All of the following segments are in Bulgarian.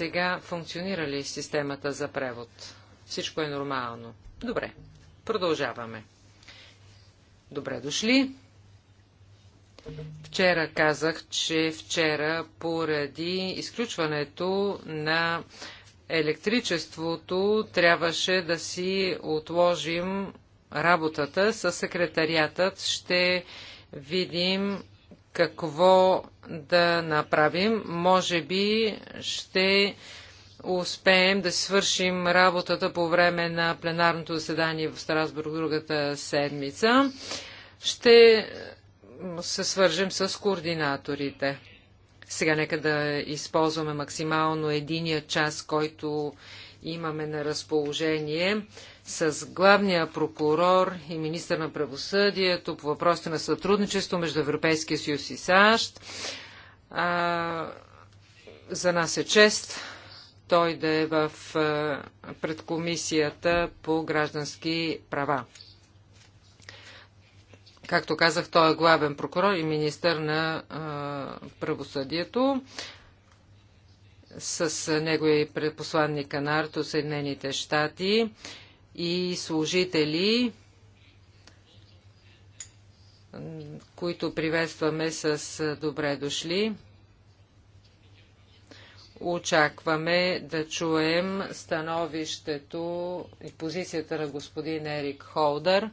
Сега функционира ли системата за превод? Всичко е нормално. Добре. Продължаваме. Добре дошли. Вчера казах, че вчера поради изключването на електричеството трябваше да си отложим работата с секретариатът. Ще видим какво да направим. Може би ще успеем да свършим работата по време на пленарното заседание в Страсбург другата седмица. Ще се свържем с координаторите. Сега нека да използваме максимално единия час, който имаме на разположение с главния прокурор и министър на правосъдието по въпросите на сътрудничество между Европейския съюз и САЩ. А, за нас е чест той да е в, предкомисията по граждански права. Както казах, той е главен прокурор и министър на а, правосъдието. С него е и предпосланника на Арто Съединените щати и служители, които приветстваме с добре дошли. Очакваме да чуем становището и позицията на господин Ерик Холдър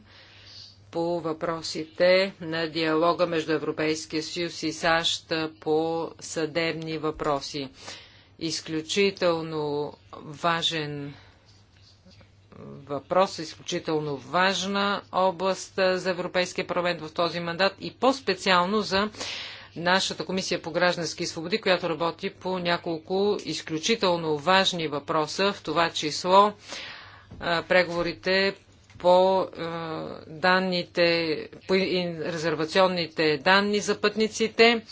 по въпросите на диалога между Европейския съюз и САЩ по съдебни въпроси. Изключително важен въпрос, изключително важна област за Европейския парламент в този мандат и по-специално за нашата комисия по граждански свободи, която работи по няколко изключително важни въпроса, в това число преговорите по данните, по резервационните данни за пътниците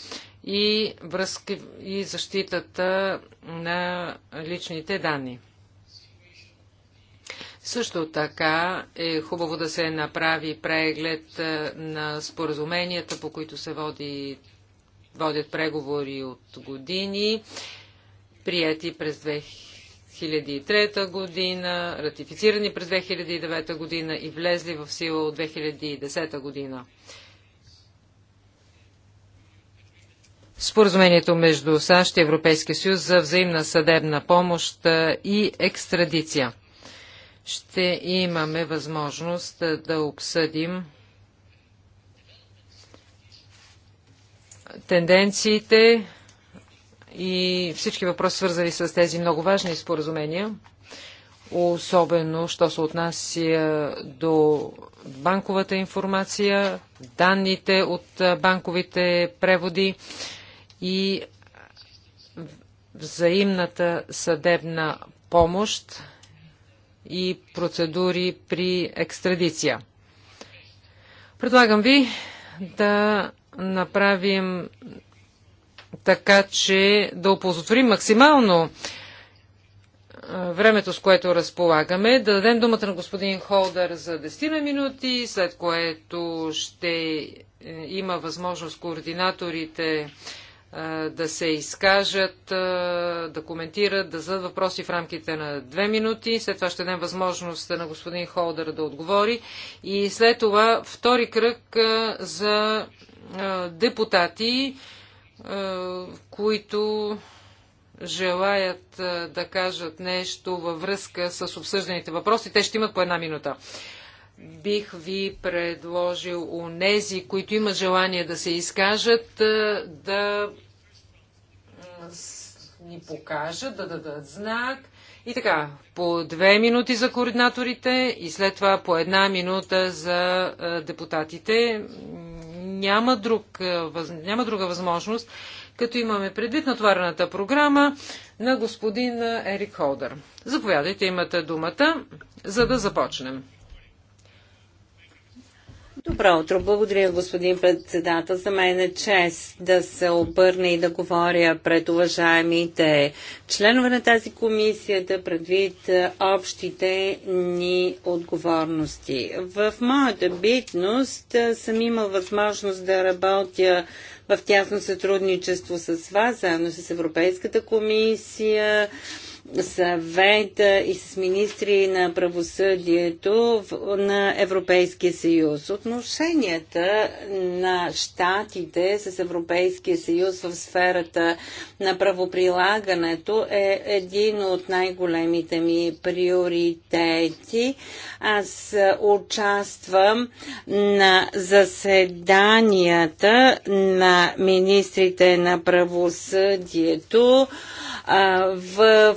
и, връзки, и защитата на личните данни. Също така е хубаво да се направи преглед е, на споразуменията, по които се води, водят преговори от години, прияти през 2003 година, ратифицирани през 2009 година и влезли в сила от 2010 година. Споразумението между САЩ и Европейския съюз за взаимна съдебна помощ е, и екстрадиция ще имаме възможност е, да обсъдим тенденциите и всички въпроси, свързани с тези много важни споразумения, особено, що се отнася до банковата информация, данните от е, банковите преводи и взаимната съдебна помощ и процедури при екстрадиция. Предлагам ви да направим така, че да оползотворим максимално времето, с което разполагаме, да дадем думата на господин Холдър за 10 на минути, след което ще е, има възможност координаторите е, да се изкажат, е, да коментират, да зададат въпроси в рамките на две минути. След това ще дадем възможност на господин Холдър да отговори. И след това втори кръг е, за депутати, които желаят да кажат нещо във връзка с обсъжданите въпроси. Те ще имат по една минута бих ви предложил нези, които има желание да се изкажат, да ни покажат, да дадат знак. И така, по две минути за координаторите и след това по една минута за депутатите. Няма, друг, няма друга възможност, като имаме предвид натварената програма на господин Ерик Холдър. Заповядайте, имате думата, за да започнем. Добро утро. Благодаря, господин председател. За мен е чест да се обърна и да говоря пред уважаемите членове на тази да предвид е, общите ни отговорности. В моята битност е, съм имал възможност да работя в тясно сътрудничество с вас, заедно с Европейската комисия, съвета и с министри на правосъдието на Европейския съюз. Отношенията на щатите с Европейския съюз в сферата на правоприлагането е един от най-големите ми приоритети. Аз участвам на заседанията на министрите на правосъдието в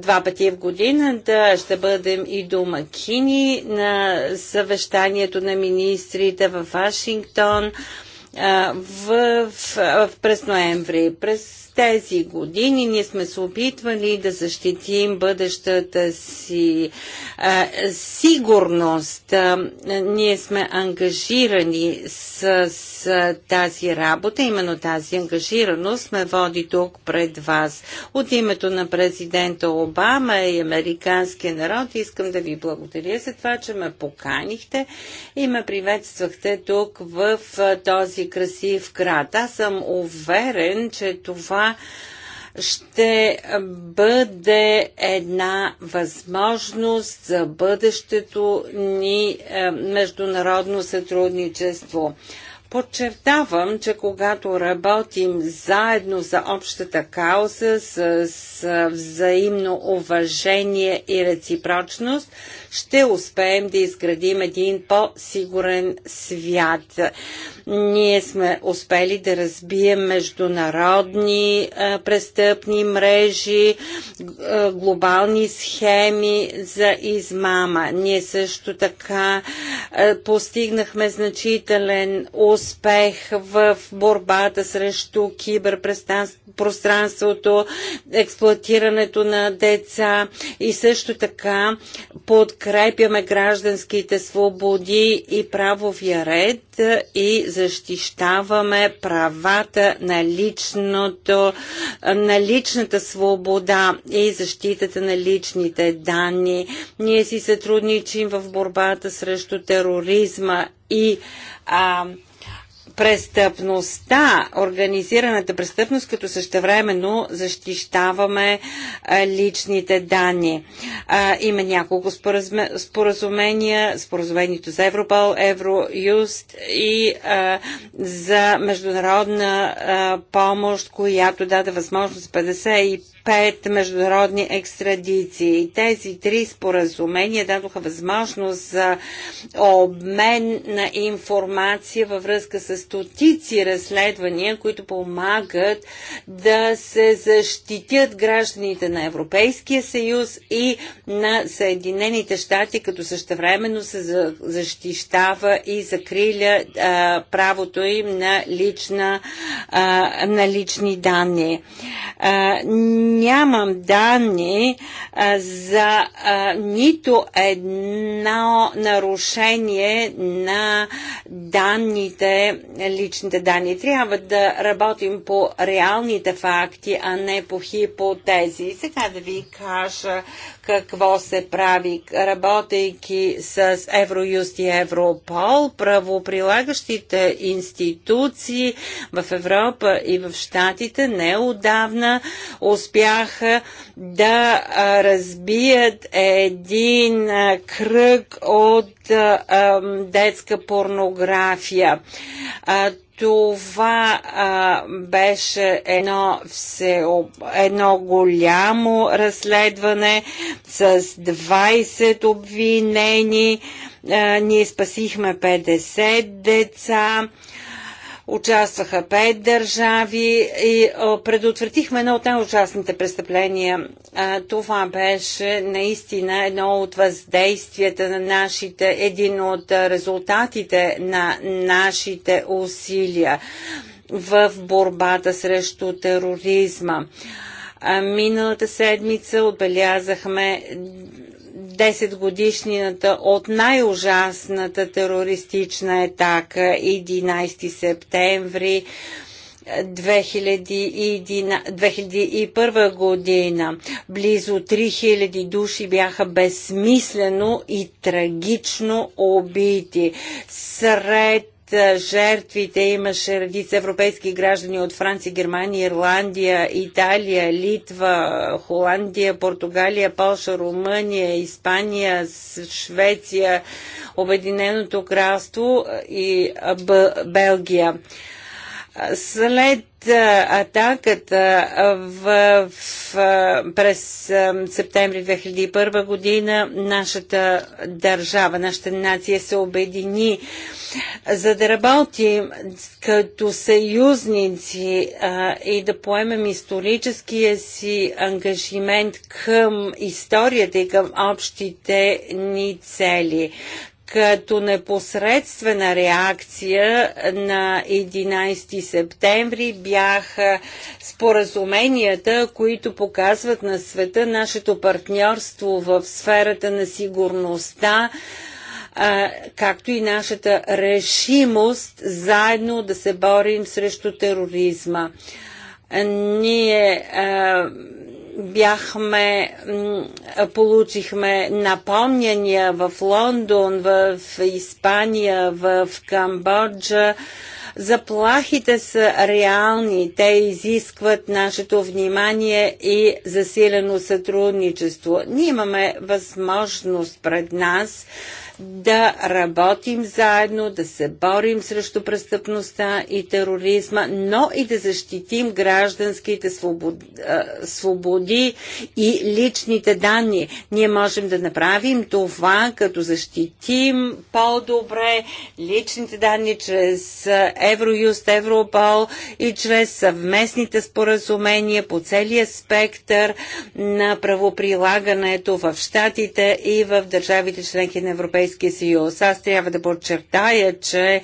два пъти в годината ще бъдем и домакини на съвещанието на министрите в Вашингтон в, в, през ноември. През тези години ние сме се опитвали да защитим бъдещата си а, сигурност. А, ние сме ангажирани с, с тази работа, именно тази ангажираност ме води тук пред вас. От името на президента Обама и американския народ искам да ви благодаря за това, че ме поканихте и ме приветствахте тук в този този красив град. Аз съм уверен, че това ще бъде една възможност за бъдещето ни е, международно сътрудничество. Подчертавам, че когато работим заедно за общата кауза с, с взаимно уважение и реципрочност, ще успеем да изградим един по-сигурен свят. Ние сме успели да разбием международни престъпни мрежи, глобални схеми за измама. Ние също така постигнахме значителен успех в борбата срещу киберпространството, експлуатирането на деца и също така подкрепяме гражданските свободи и правовия ред защита и защищаваме правата на, личното, на личната свобода и защитата на личните данни. Ние си сътрудничим в борбата срещу тероризма и а, престъпността, организираната престъпност, като същевременно защищаваме личните данни. Има няколко споразумения, споразумението за Европол, Евроюст и за международна помощ, която даде възможност 55 пет международни екстрадиции. Тези три споразумения дадоха възможност за обмен на информация във връзка с стотици разследвания, които помагат да се защитят гражданите на Европейския съюз и на Съединените щати, като същевременно се защищава и закриля а, правото им на, лична, а, на лични данни. А, Нямам данни а, за а, нито едно нарушение на данните, личните данни. Трябва да работим по реалните факти, а не по хипотези. Сега да ви кажа какво се прави, работейки с Евроюст и Европол, правоприлагащите институции в Европа и в Штатите неодавна успяха успяха да разбият един кръг от детска порнография. Това а, беше едно, все, едно голямо разследване с 20 обвинени. А, ние спасихме 50 деца. Участваха пет държави и предотвратихме едно от най-ужасните престъпления. Това беше наистина едно от въздействията на нашите, един от резултатите на нашите усилия в борбата срещу тероризма. Миналата седмица отбелязахме 10 годишнината от най-ужасната терористична атака 11 септември 2001, 2001 година. Близо 3000 души бяха безсмислено и трагично убити. Сред жертвите имаше редица европейски граждани от Франция, Германия, Ирландия, Италия, Литва, Холандия, Португалия, Полша, Румъния, Испания, Швеция, Обединеното кралство и Белгия. След атаката в, в, през септември 2001 година нашата държава, нашата нация се обедини за да работим като съюзници а, и да поемем историческия си ангажимент към историята и към общите ни цели като непосредствена реакция на 11 септември бяха споразуменията, които показват на света нашето партньорство в сферата на сигурността, както и нашата решимост заедно да се борим срещу тероризма. Ние бяхме, получихме напомняния в Лондон, в Испания, в Камбоджа. Заплахите са реални, те изискват нашето внимание и засилено сътрудничество. Ние имаме възможност пред нас да работим заедно, да се борим срещу престъпността и тероризма, но и да защитим гражданските свободи, свободи и личните данни. Ние можем да направим това, като защитим по-добре личните данни чрез Евроюст, Европол и чрез съвместните споразумения по целия спектър на правоприлагането в Штатите и в държавите членки на Европейския Европейския съюз. Аз трябва да подчертая, че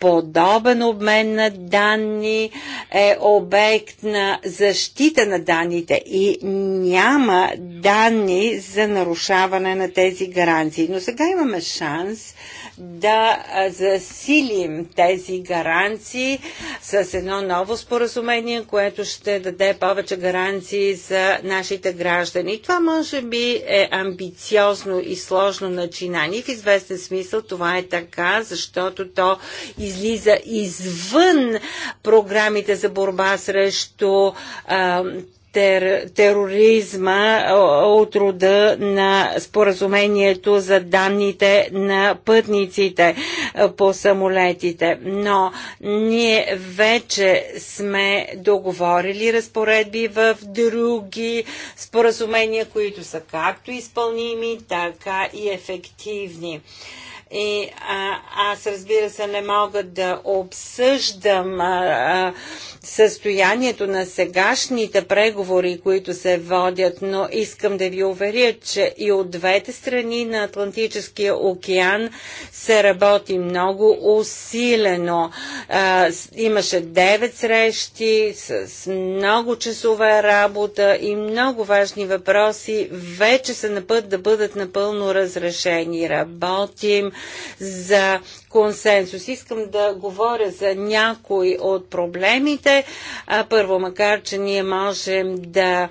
подобен обмен на данни е обект на защита на данните и няма данни за нарушаване на тези гаранции. Но сега имаме шанс да засилим тези гаранции с едно ново споразумение, което ще даде повече гаранции за нашите граждани. Това може би е амбициозно и сложно начинание. В известен смисъл това е така, защото то излиза извън програмите за борба срещу а, тер, тероризма от рода на споразумението за данните на пътниците по самолетите. Но ние вече сме договорили разпоредби в други споразумения, които са както изпълними, така и ефективни. И а, аз разбира се не мога да обсъждам а, а, състоянието на сегашните преговори, които се водят, но искам да ви уверя, че и от двете страни на Атлантическия океан се работи много усилено. имаше 9 срещи с много часове работа и много важни въпроси вече са на път да бъдат напълно разрешени. Работим за консенсус. Искам да говоря за някои от проблемите. Първо, макар, че ние можем да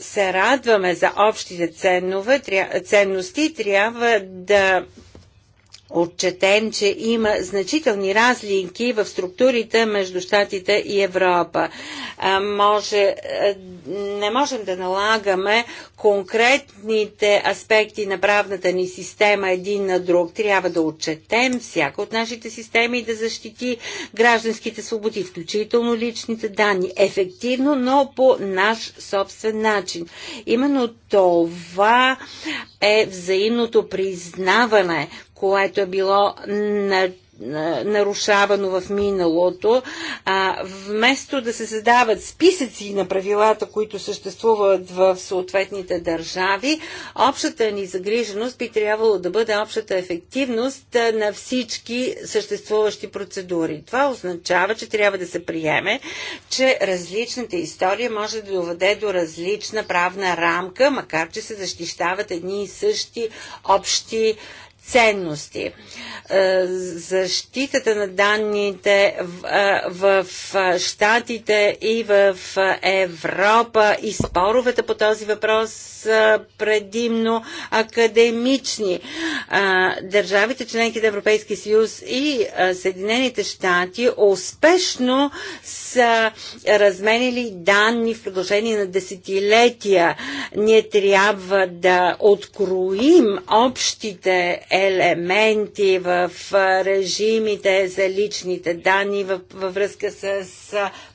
се радваме за общите ценнове, ценности, трябва да отчетем, че има значителни разлики в структурите между Штатите и Европа. А, може, не можем да налагаме конкретните аспекти на правната ни система един на друг. Трябва да отчетем всяка от нашите системи и да защити гражданските свободи, включително личните данни. Ефективно, но по наш собствен начин. Именно това е взаимното признаване, което е било на е, нарушавано в миналото, а вместо да се създават списъци на правилата, които съществуват в съответните държави, общата ни загриженост би трябвало да бъде общата ефективност на всички съществуващи процедури. Това означава, че трябва да се приеме, че различната история може да доведе до различна правна рамка, макар че се защищават едни и същи общи ценности. Е, защитата на данните в, е, в е, Штатите и в Европа и споровете по този въпрос са предимно академични. Държавите членки на Европейския съюз и Съединените щати успешно са разменили данни в продължение на десетилетия. Ние трябва да откроим общите елементи в режимите за личните данни във връзка с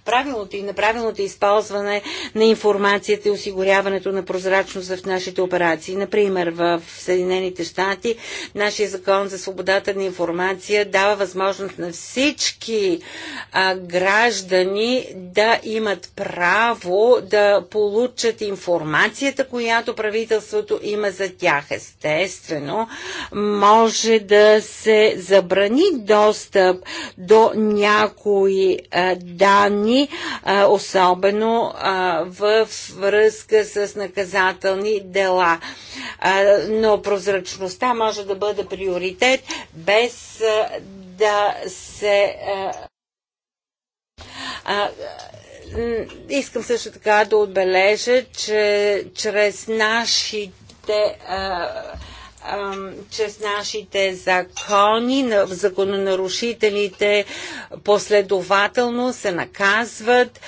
правилното и неправилното използване на информацията и осигуряването на прозрачност в нашите операции. Например, в Съединените щати нашия закон за свободата на информация дава възможност на всички а, граждани да имат право да получат информацията, която правителството има за тях. Естествено, може да се забрани достъп до някои а, данни, особено в връзка с наказателни дела. Но прозрачността може да бъде приоритет без да се искам също така да отбележа, че чрез нашите а, чрез нашите закони, закононарушителите последователно се наказват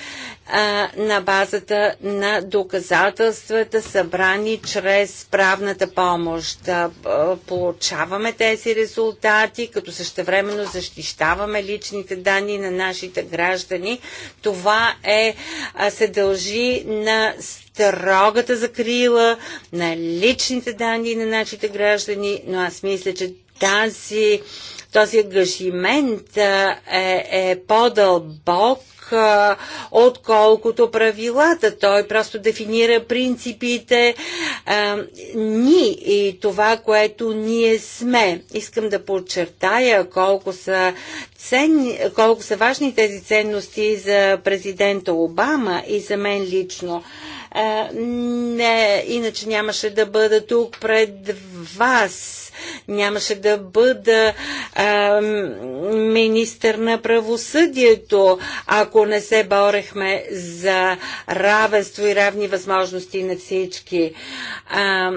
а, на базата на доказателствата, събрани чрез правната помощ. да а, получаваме тези резултати, като същевременно защищаваме личните данни на нашите граждани. Това е, а, се дължи на строгата закрила на личните данни на нашите граждани, но аз мисля, че тази, този ангажимент е, е по-дълбок отколкото правилата. Той просто дефинира принципите а, ни и това, което ние сме. Искам да подчертая колко са, ценни, колко са важни тези ценности за президента Обама и за мен лично не, иначе нямаше да бъда тук пред вас нямаше да бъда а, министър на правосъдието, ако не се борехме за равенство и равни възможности на всички. А,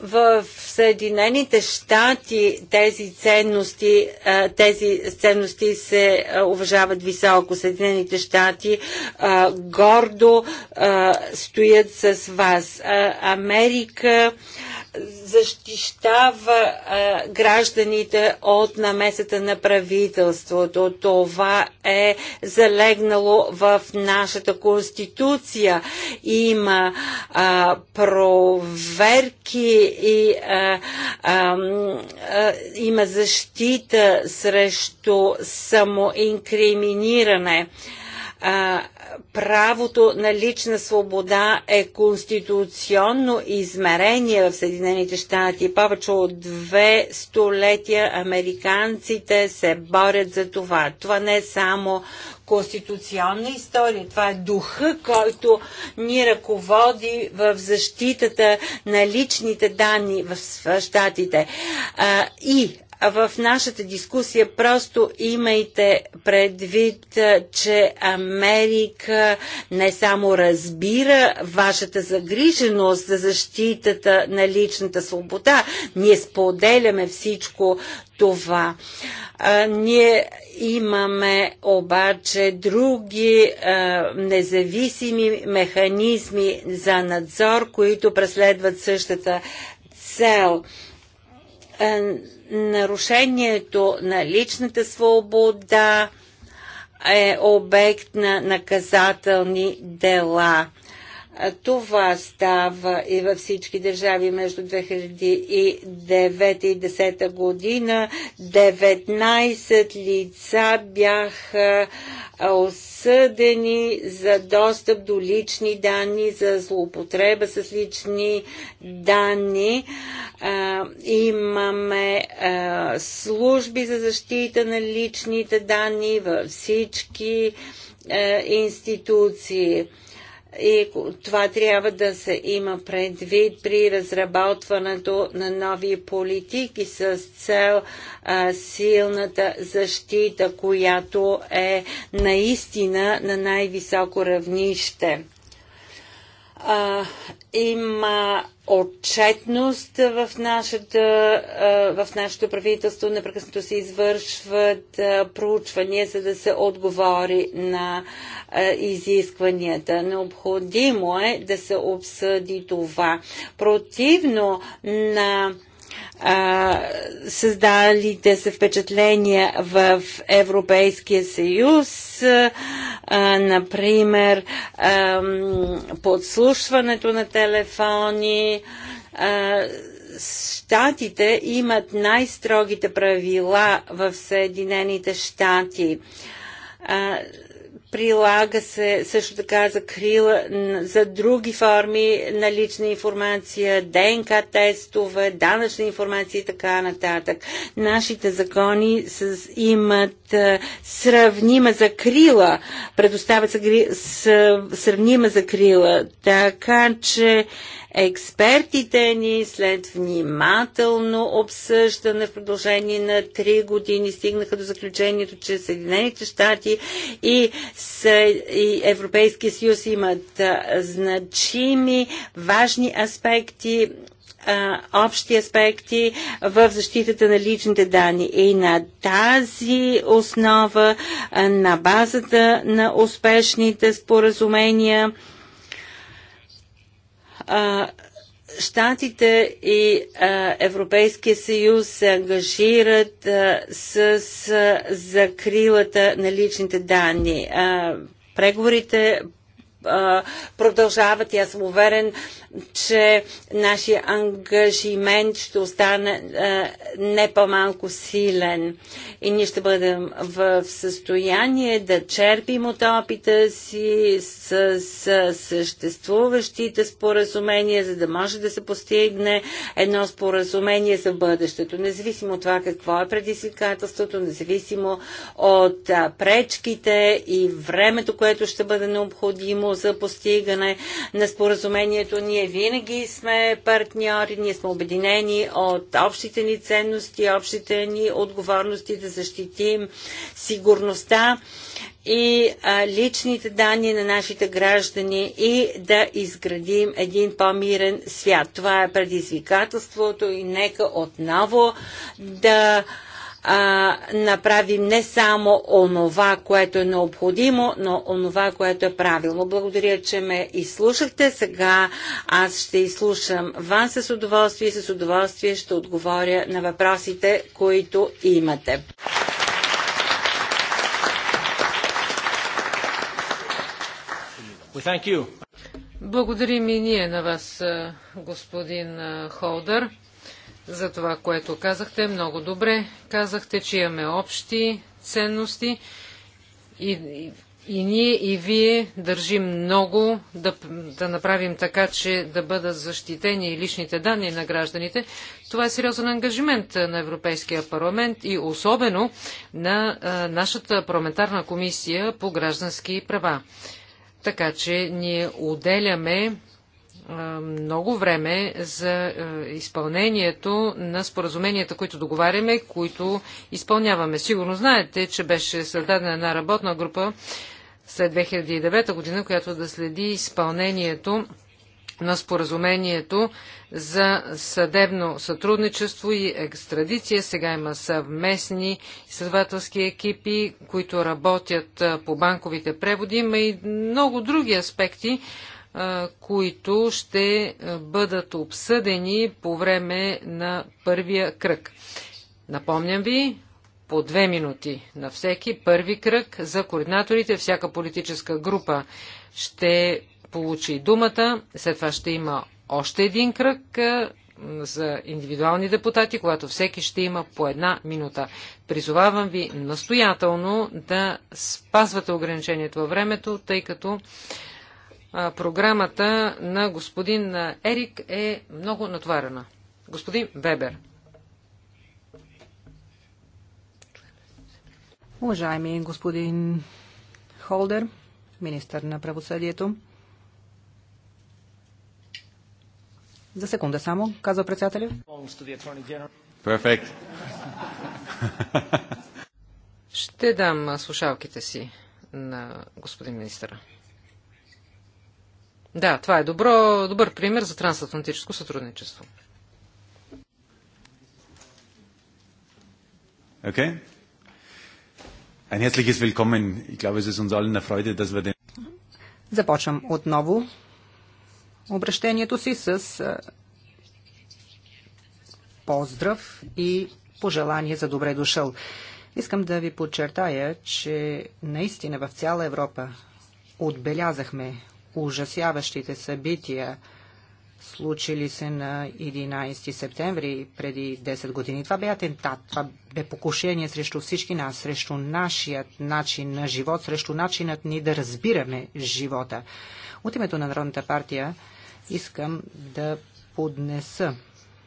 в Съединените щати тези ценности, тези ценности се уважават високо. Съединените щати гордо стоят с вас. Америка защищава а, гражданите от намесата на правителството. Това е залегнало в нашата конституция. Има а, проверки и а, а, а, има защита срещу самоинкриминиране. А, а, правото на лична свобода е конституционно измерение в Съединените щати. Повече от две столетия американците се борят за това. Това не е само конституционна история. Това е духа, който ни ръководи в защитата на личните данни в щатите. И в нашата дискусия просто имайте предвид, че Америка не само разбира вашата загриженост за защитата на личната свобода, ние споделяме всичко това. А, ние имаме обаче други а, независими механизми за надзор, които преследват същата цел. Е, нарушението на личната свобода е обект на наказателни дела. Това става и във всички държави между 2009 и 2010 година. 19 лица бяха осъдени за достъп до лични данни, за злоупотреба с лични данни. Имаме служби за защита на личните данни във всички институции и това трябва да се има предвид при разработването на нови политики с цел а, силната защита, която е наистина на най-високо равнище. А, има отчетност в, нашата, в нашето правителство. Непрекъснато се извършват проучвания, за да се отговори на изискванията. Необходимо е да се обсъди това. Противно на създалите се впечатления в Европейския съюз, например подслушването на телефони. Штатите имат най-строгите правила в Съединените щати. Прилага се също така закрила за други форми на лична информация, ДНК тестове, данъчна информация и така нататък. Нашите закони с, имат сравнима закрила, предоставят сравнима закрила, така че Експертите ни след внимателно обсъждане в продължение на 3 години стигнаха до заключението, че Съединените щати и, и Европейския съюз имат значими, важни аспекти общи аспекти в защитата на личните данни. И на тази основа, на базата на успешните споразумения, Штатите и а, Европейския съюз се ангажират а, с а, закрилата на личните данни. А, преговорите продължават и аз съм уверен, че нашия ангажимент ще остане не по-малко силен и ние ще бъдем в състояние да черпим от опита си с, с съществуващите споразумения, за да може да се постигне едно споразумение за бъдещето, независимо от това какво е предизвикателството, независимо от пречките и времето, което ще бъде необходимо, за постигане на споразумението. Ние винаги сме партньори, ние сме обединени от общите ни ценности, общите ни отговорности да защитим сигурността и личните данни на нашите граждани и да изградим един по-мирен свят. Това е предизвикателството и нека отново да а, направим не само онова, което е необходимо, но онова, което е правилно. Благодаря, че ме изслушахте. Сега аз ще изслушам вас с удоволствие и с удоволствие ще отговоря на въпросите, които имате. Благодарим и ние на вас, господин Холдър за това, което казахте. Много добре казахте, че имаме общи ценности и, и, и ние и вие държим много да, да направим така, че да бъдат защитени личните данни на гражданите. Това е сериозен ангажимент на Европейския парламент и особено на а, нашата парламентарна комисия по граждански права. Така че ние отделяме много време за изпълнението на споразуменията, които договаряме, които изпълняваме. Сигурно знаете, че беше създадена една работна група след 2009 година, която да следи изпълнението на споразумението за съдебно сътрудничество и екстрадиция. Сега има съвместни изследователски екипи, които работят по банковите преводи. Има и много други аспекти, които ще бъдат обсъдени по време на първия кръг. Напомням ви, по две минути на всеки първи кръг за координаторите. Всяка политическа група ще получи думата. След това ще има още един кръг за индивидуални депутати, когато всеки ще има по една минута. Призовавам ви настоятелно да спазвате ограничението във времето, тъй като програмата на господин Ерик е много натварена. Господин Вебер. Уважаеми господин Холдер, министър на правосъдието. За секунда само, казва председателя. Перфект. Ще дам слушалките си на господин министъра. Да, това е добро, добър пример за трансатлантическо сътрудничество. Okay. Ein herzliches Willkommen. Ich glaube, es ist uns allen eine Freude, dass wir den... Започвам отново обращението си с е, поздрав и пожелание за добре дошъл. Искам да ви подчертая, че наистина в цяла Европа отбелязахме ужасяващите събития, случили се на 11 септември преди 10 години. Това бе атентат, това бе покушение срещу всички нас, срещу нашият начин на живот, срещу начинът ни да разбираме живота. От името на Народната партия искам да поднеса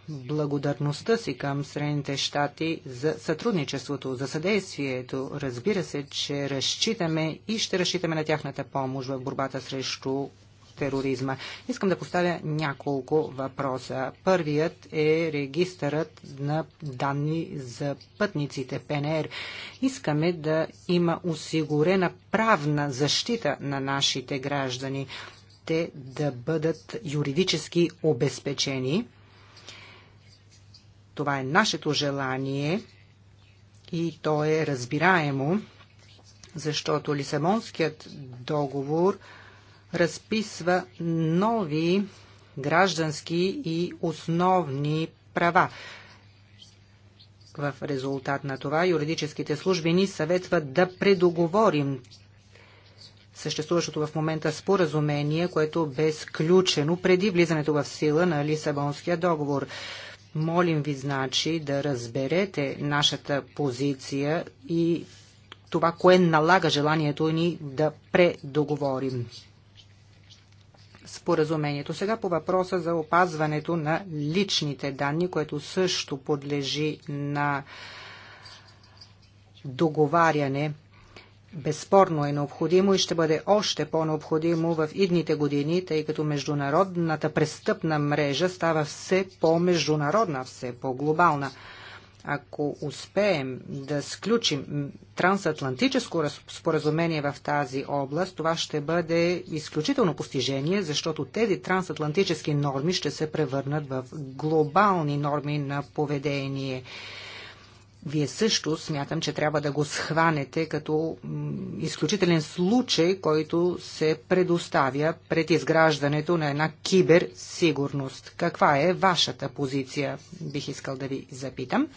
благодарността си към Средните щати за сътрудничеството, за съдействието. Разбира се, че разчитаме и ще разчитаме на тяхната помощ в борбата срещу тероризма. Искам да поставя няколко въпроса. Първият е регистърът на данни за пътниците ПНР. Искаме да има осигурена правна защита на нашите граждани. Те да бъдат юридически обезпечени това е нашето желание и то е разбираемо, защото Лисабонският договор разписва нови граждански и основни права. В резултат на това юридическите служби ни съветват да предоговорим съществуващото в момента споразумение, което бе сключено преди влизането в сила на Лисабонския договор. Молим ви, значи, да разберете нашата позиция и това, кое налага желанието ни да предоговорим споразумението. Сега по въпроса за опазването на личните данни, което също подлежи на договаряне безспорно е необходимо и ще бъде още по-необходимо в идните години, тъй като международната престъпна мрежа става все по-международна, все по-глобална. Ако успеем да сключим трансатлантическо споразумение в тази област, това ще бъде изключително постижение, защото тези трансатлантически норми ще се превърнат в глобални норми на поведение вие също смятам, че трябва да го схванете като изключителен случай, който се предоставя пред изграждането на една киберсигурност. Каква е вашата позиция, бих искал да ви запитам.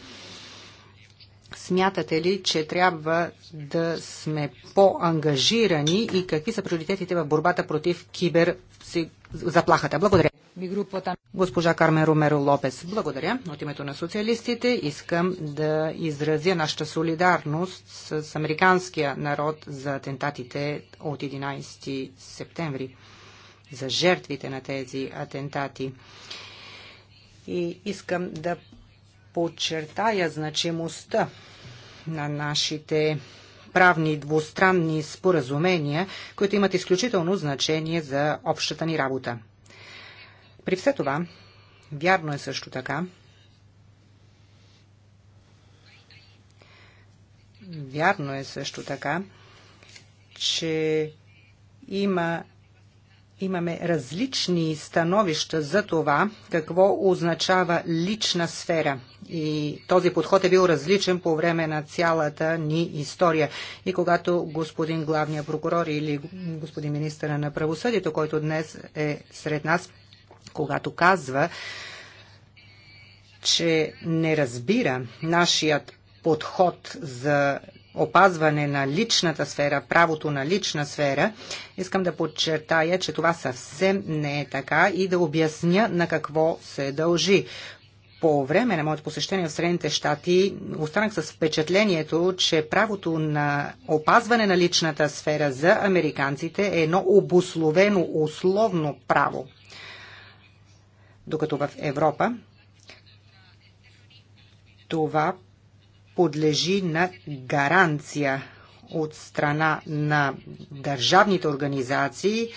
Смятате ли, че трябва да сме по-ангажирани и какви са приоритетите в борбата против киберзаплахата? Благодаря. Госпожа Кармен Ромеро Лопес, благодаря. От името на социалистите искам да изразя нашата солидарност с американския народ за атентатите от 11 септември, за жертвите на тези атентати. И искам да подчертая значимостта на нашите правни двустранни споразумения, които имат изключително значение за общата ни работа. При все това, вярно е също така, вярно е също така, че има имаме различни становища за това какво означава лична сфера. И този подход е бил различен по време на цялата ни история. И когато господин главния прокурор или господин министра на правосъдието, който днес е сред нас, когато казва, че не разбира нашият подход за опазване на личната сфера, правото на лична сфера, искам да подчертая, че това съвсем не е така и да обясня на какво се дължи. По време на моето посещение в Средните щати останах с впечатлението, че правото на опазване на личната сфера за американците е едно обословено условно право докато в Европа това подлежи на гаранция от страна на държавните организации,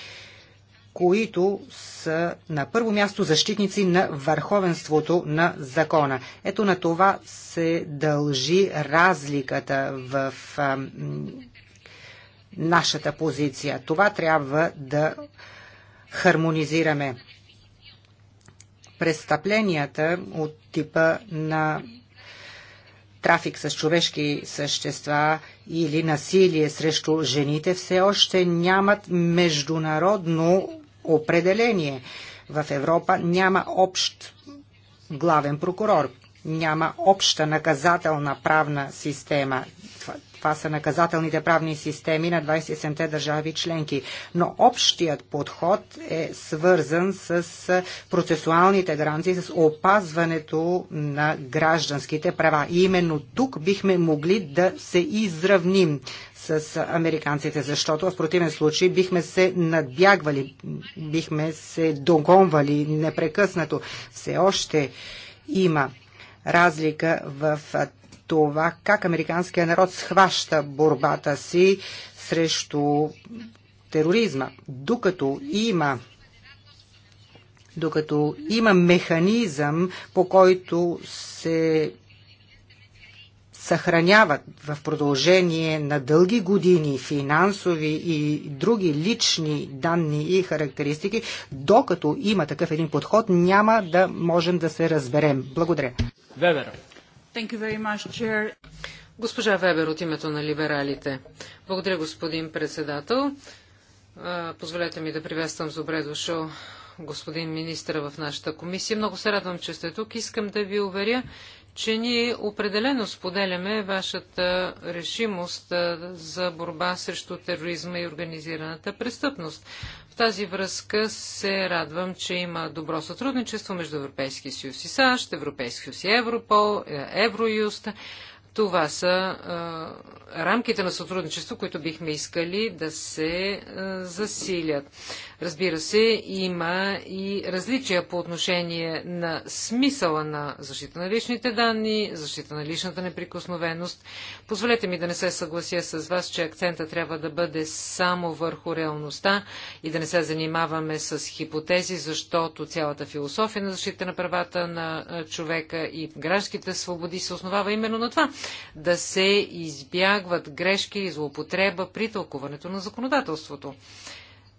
които са на първо място защитници на върховенството на закона. Ето на това се дължи разликата в а, нашата позиция. Това трябва да хармонизираме престъпленията от типа на трафик с човешки същества или насилие срещу жените все още нямат международно определение. В Европа няма общ главен прокурор няма обща наказателна правна система. Това са наказателните правни системи на 27-те държави членки. Но общият подход е свързан с процесуалните гаранции, с опазването на гражданските права. И именно тук бихме могли да се изравним с американците, защото в противен случай бихме се надбягвали, бихме се догонвали непрекъснато. Все още има разлика в това как американският народ схваща борбата си срещу тероризма. Докато има докато има механизъм, по който се съхраняват в продължение на дълги години финансови и други лични данни и характеристики, докато има такъв един подход, няма да можем да се разберем. Благодаря. Вебер. Much, Госпожа Вебер от името на либералите. Благодаря, господин председател. Позволете ми да приветствам с добре дошъл господин министра в нашата комисия. Много се радвам, че сте тук. Искам да ви уверя, че ние определено споделяме вашата решимост за борба срещу тероризма и организираната престъпност. В тази връзка се радвам, че има добро сътрудничество между Европейския съюз и САЩ, Европейския съюз и Европол, е, Евроюст. Това са а, рамките на сътрудничество, които бихме искали да се а, засилят. Разбира се, има и различия по отношение на смисъла на защита на личните данни, защита на личната неприкосновеност. Позволете ми да не се съглася с вас, че акцента трябва да бъде само върху реалността и да не се занимаваме с хипотези, защото цялата философия на защита на правата на човека и гражданските свободи се основава именно на това да се избягват грешки и злоупотреба при тълкуването на законодателството.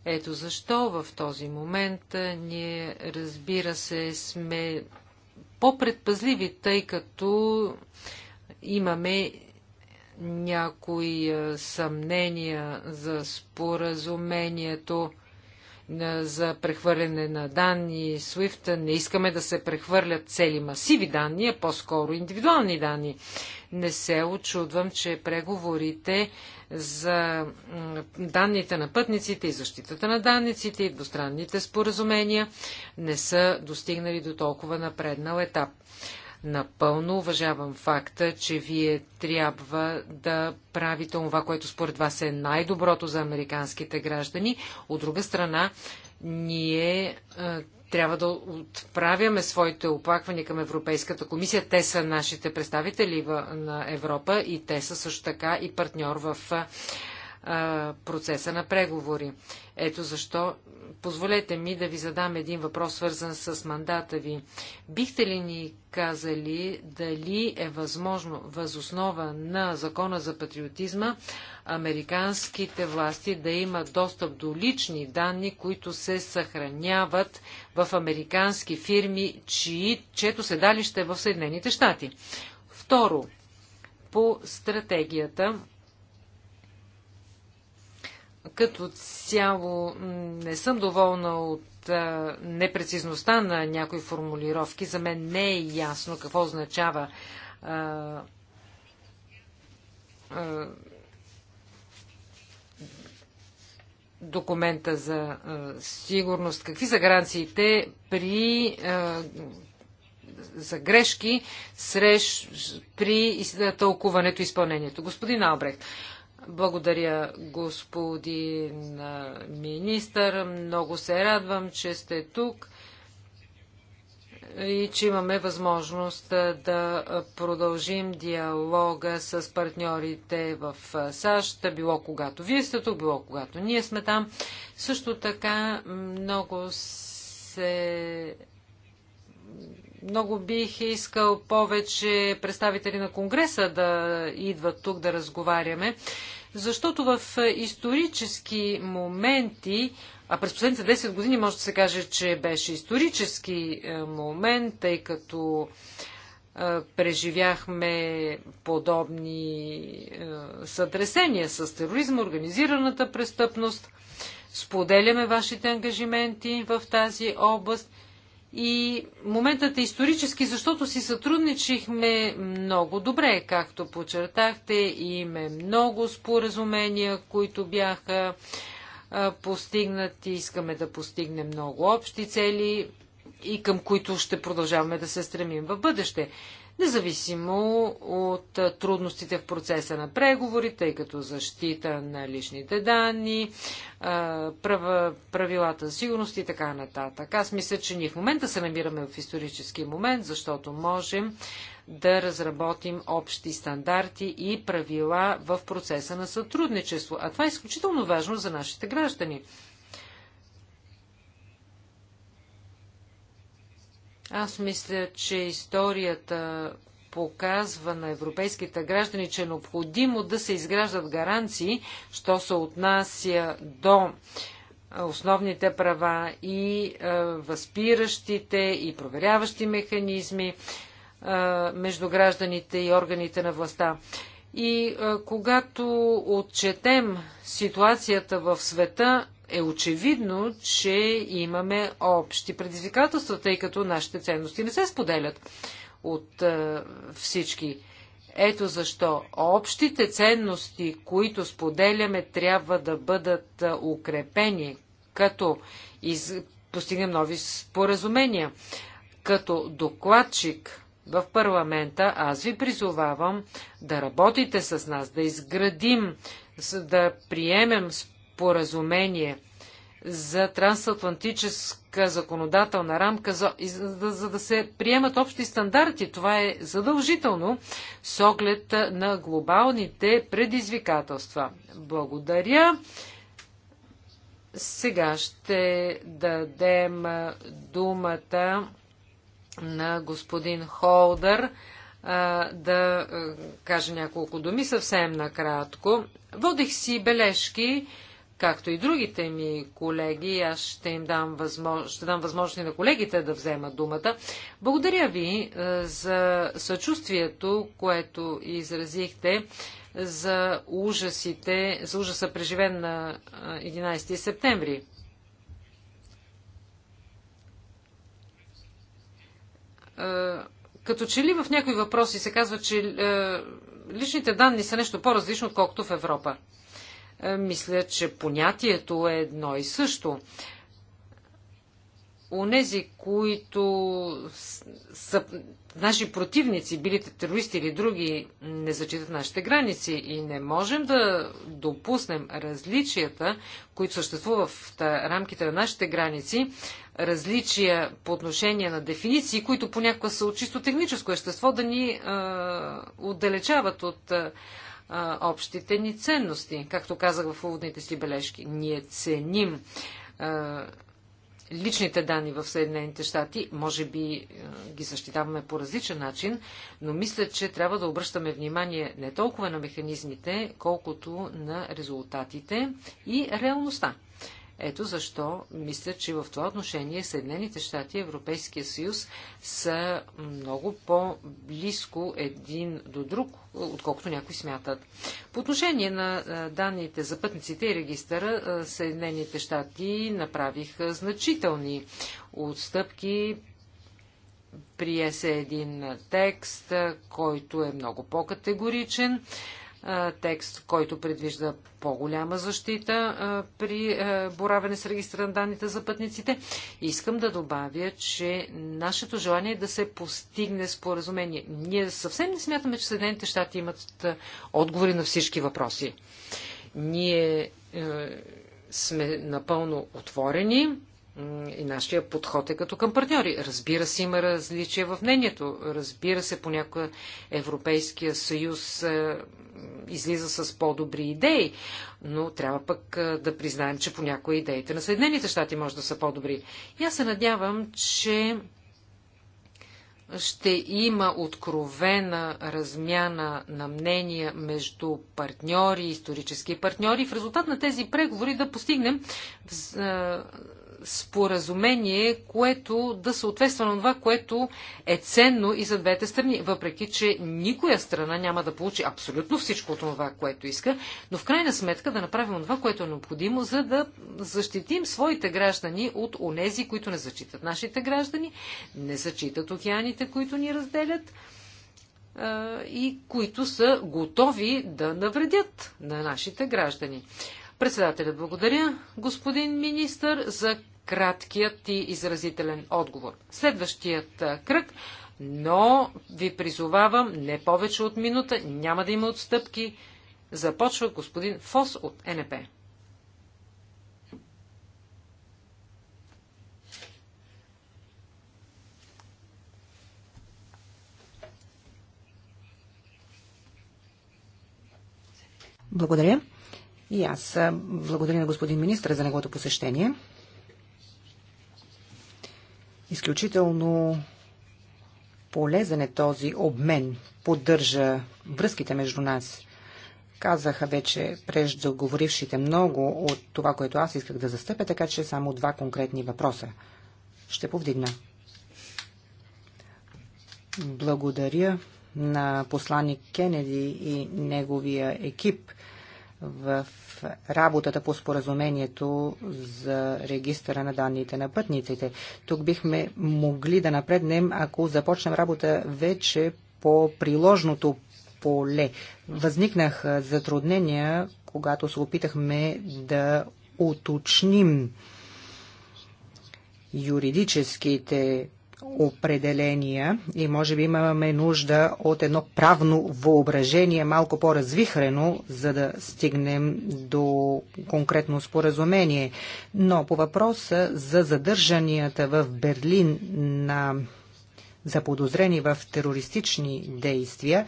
Ето защо в този момент ние, разбира се, сме по-предпазливи, тъй като имаме някои съмнения за споразумението за прехвърляне на данни, SWIFT. Не искаме да се прехвърлят цели масиви данни, а по-скоро индивидуални данни. Не се очудвам, че преговорите за данните на пътниците и защитата на данниците и двустранните споразумения не са достигнали до толкова напреднал етап. Напълно уважавам факта, че вие трябва да правите това, което според вас е най-доброто за американските граждани. От друга страна, ние трябва да отправяме своите оплаквания към Европейската комисия. Те са нашите представители на Европа и те са също така и партньор в а, процеса на преговори. Ето защо позволете ми да ви задам един въпрос, свързан с мандата ви. Бихте ли ни казали дали е възможно възоснова на закона за патриотизма американските власти да имат достъп до лични данни, които се съхраняват в американски фирми, чии, чието седалище е в Съединените щати? Второ, по стратегията като цяло не съм доволна от а, непрецизността на някои формулировки. За мен не е ясно какво означава а, а, документа за сигурност. Какви са гаранциите при за грешки срещ, при тълкуването и изпълнението. Господин Албрехт, благодаря, господин министър. Много се радвам, че сте тук и че имаме възможност да продължим диалога с партньорите в САЩ, било когато вие сте тук, било когато ние сме там. Също така много се много бих искал повече представители на Конгреса да идват тук да разговаряме, защото в исторически моменти, а през последните 10 години може да се каже, че беше исторически е, момент, тъй като е, преживяхме подобни е, сътресения с тероризма, организираната престъпност. Споделяме вашите ангажименти в тази област – и моментът е исторически, защото си сътрудничихме много добре, както подчертахте. има много споразумения, които бяха постигнати. Искаме да постигнем много общи цели и към които ще продължаваме да се стремим в бъдеще независимо от трудностите в процеса на преговори, тъй като защита на личните данни, правилата за сигурност и така нататък. Аз мисля, че ние в момента се намираме в исторически момент, защото можем да разработим общи стандарти и правила в процеса на сътрудничество. А това е изключително важно за нашите граждани. Аз мисля, че историята показва на европейските граждани, че е необходимо да се изграждат гаранции, що се отнася до основните права и е, възпиращите и проверяващи механизми е, между гражданите и органите на властта. И е, когато отчетем ситуацията в света, е очевидно, че имаме общи предизвикателства, тъй като нашите ценности не се споделят от е, всички. Ето защо общите ценности, които споделяме, трябва да бъдат е, укрепени, като из... постигнем нови споразумения. Като докладчик в парламента, аз ви призовавам да работите с нас, да изградим, да приемем споразумение за трансатлантическа законодателна рамка, за, за, за да се приемат общи стандарти. Това е задължително с оглед на глобалните предизвикателства. Благодаря. Сега ще дадем думата на господин Холдър да каже няколко думи съвсем накратко. Водих си бележки както и другите ми колеги. Аз ще им дам, възмож... ще дам възможност на колегите да вземат думата. Благодаря ви е, за съчувствието, което изразихте за ужасите, за ужаса преживен на 11 е, септември. Е, като че ли в някои въпроси се казва, че личните данни са нещо по-различно, отколкото в Европа. Е, мисля, че понятието е едно и също. Онези, които са наши противници, билите терористи или други, не зачитат нашите граници и не можем да допуснем различията, които съществуват в рамките на нашите граници, различия по отношение на дефиниции, които понякога са от чисто техническо естество, да ни а, отдалечават от а, а, общите ни ценности. Както казах в уводните си бележки, ние ценим а, личните данни в Съединените щати, може би ги защитаваме по различен начин, но мисля, че трябва да обръщаме внимание не толкова на механизмите, колкото на резултатите и реалността. Ето защо мисля, че в това отношение Съединените щати и Европейския съюз са много по-близко един до друг, отколкото някои смятат. По отношение на данните за пътниците и регистъра, Съединените щати направиха значителни отстъпки прие се един текст, който е много по-категоричен текст, който предвижда по-голяма защита при боравене с регистра на данните за пътниците. Искам да добавя, че нашето желание е да се постигне споразумение. Ние съвсем не смятаме, че Съединените щати имат отговори на всички въпроси. Ние е, сме напълно отворени и нашия подход е като към партньори. Разбира се, има различия в мнението. Разбира се, понякога Европейския съюз е, излиза с по-добри идеи, но трябва пък е, да признаем, че понякога идеите на Съединените щати може да са по-добри. И аз се надявам, че ще има откровена размяна на мнения между партньори, исторически партньори. В резултат на тези преговори да постигнем е, споразумение, което да съответства на това, което е ценно и за двете страни, въпреки че никоя страна няма да получи абсолютно всичко от това, което иска, но в крайна сметка да направим това, което е необходимо, за да защитим своите граждани от онези, които не зачитат нашите граждани, не зачитат океаните, които ни разделят и които са готови да навредят на нашите граждани. Председателят благодаря, господин министр, за краткият и изразителен отговор. Следващият кръг, но ви призовавам не повече от минута, няма да има отстъпки. Започва господин Фос от НП. Благодаря. И аз благодаря на господин министра за неговото посещение. Изключително полезен е този обмен, поддържа връзките между нас. Казаха вече преждоговорившите много от това, което аз исках да застъпя, така че само два конкретни въпроса ще повдигна. Благодаря на посланник Кенеди и неговия екип – в работата по споразумението за регистъра на данните на пътниците. Тук бихме могли да напреднем, ако започнем работа вече по приложното поле. Възникнаха затруднения, когато се опитахме да уточним юридическите определения и може би имаме нужда от едно правно въображение, малко по-развихрено, за да стигнем до конкретно споразумение. Но по въпроса за задържанията в Берлин на заподозрени в терористични действия,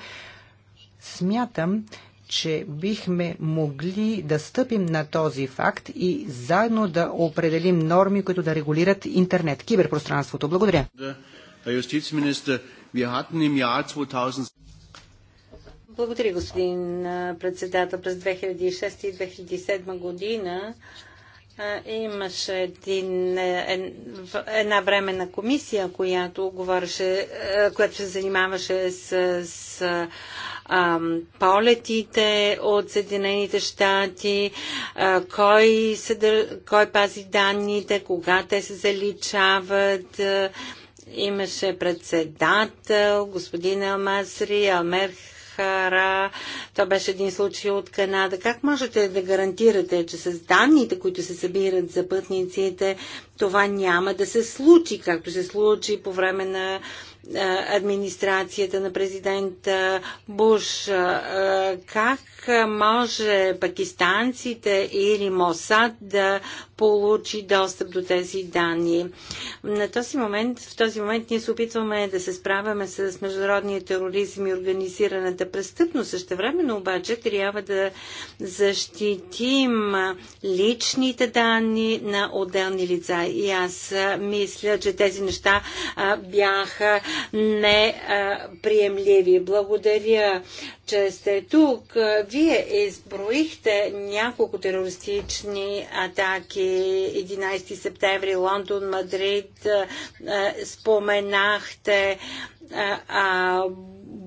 смятам, че бихме могли да стъпим на този факт и заедно да определим норми, които да регулират интернет, киберпространството. Благодаря. Благодаря, господин председател. През 2006 и 2007 година Имаше един, е, една временна комисия, която, говореше, е, която се занимаваше с, с полетите от Съединените щати, а, кой, съдър... кой пази данните, кога те се заличават. А, имаше председател, господин Алмасри, Алмер Хара, то беше един случай от Канада. Как можете да гарантирате, че с данните, които се събират за пътниците, това няма да се случи, както се случи по време на администрацията на президента Буш. Как може пакистанците или Мосад да получи достъп до тези данни? На този момент, в този момент ние се опитваме да се справяме с международния тероризъм и организираната престъпност. Същевременно обаче трябва да защитим личните данни на отделни лица. И аз мисля, че тези неща бяха неприемливи. Благодаря, че сте тук. Вие изброихте няколко терористични атаки 11 септември, Лондон, Мадрид. Е, споменахте е,